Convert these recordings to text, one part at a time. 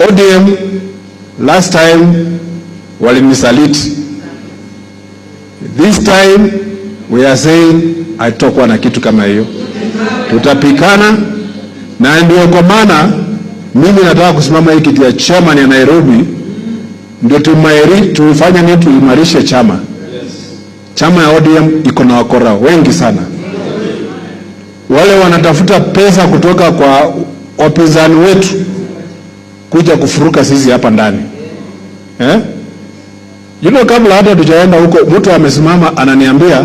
ODM last time walinisaliti, this time we are saying atokwa na kitu kama hiyo, tutapikana na ndio kwa maana mimi nataka kusimama hii kiti ya chairman ya Nairobi, ndio tufanye nini, tuimarishe chama. Chama ya ODM iko na wakora wengi sana, wale wanatafuta pesa kutoka kwa wapinzani wetu kuja kufuruka sisi hapa ndani eh? You know, kabla hata tujaenda huko, mtu amesimama ananiambia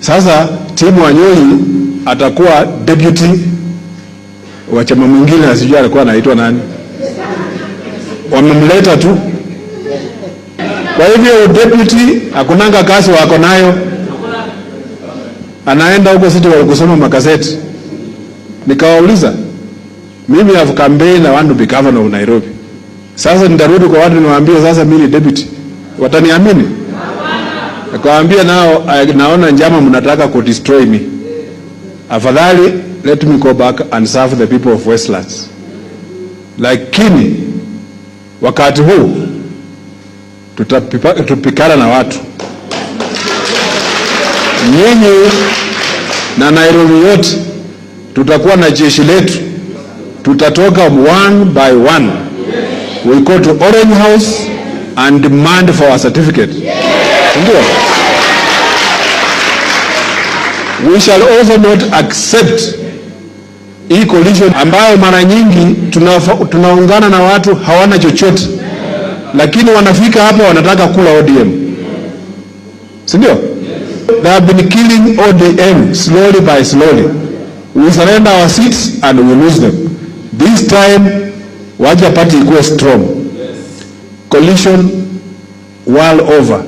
sasa timu Wanyonyi atakuwa deputy wa chama mwingine, asijua alikuwa anaitwa nani, wamemleta tu. Kwa hivyo deputy akunanga kazi wako nayo, anaenda huko sisi wa kusoma magazeti. Nikawauliza mimi have campaign na want to be governor of Nairobi. Sasa nitarudi kwa watu niwaambie sasa mimi ni deputy. Wataniamini? Akawaambia nao eh, naona njama mnataka ku destroy me. Afadhali let me go back and serve the people of Westlands. Lakini wakati huu tutapikana na watu nyinyi na Nairobi yote, tutakuwa na jeshi letu tutatoka one by one. We go to Orange House and demand for our certificate. Ndio. We shall also not accept hii collision ambayo mara nyingi tunaungana na watu hawana chochote, lakini wanafika hapa wanataka kula ODM, sindio ndio? They have been killing ODM slowly by slowly. We surrender our seats and we lose them. This time waja party ikuwe strong coalition world over,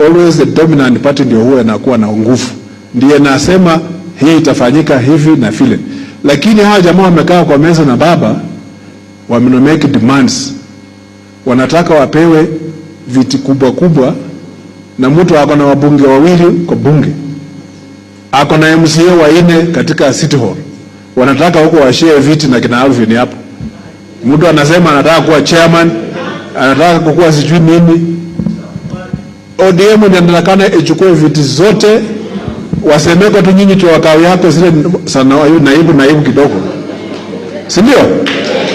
always the dominant party ndio huwa inakuwa na nguvu, ndiye nasema hii itafanyika hivi na vile, lakini hawa jamaa wamekaa kwa meza na baba wame make demands, wanataka wapewe viti kubwa kubwa, na mtu ako na wabunge wawili kwa bunge, ako na MCA waine katika city hall wanataka huko washie viti na kina Alvin hapo. Mtu anasema anataka kuwa chairman, anataka kukuwa sijui nini. ODM inatakana ichukue viti zote, wasemeko tu nyinyi tu wakao yako zile sana, naibu naibu kidogo, si ndio?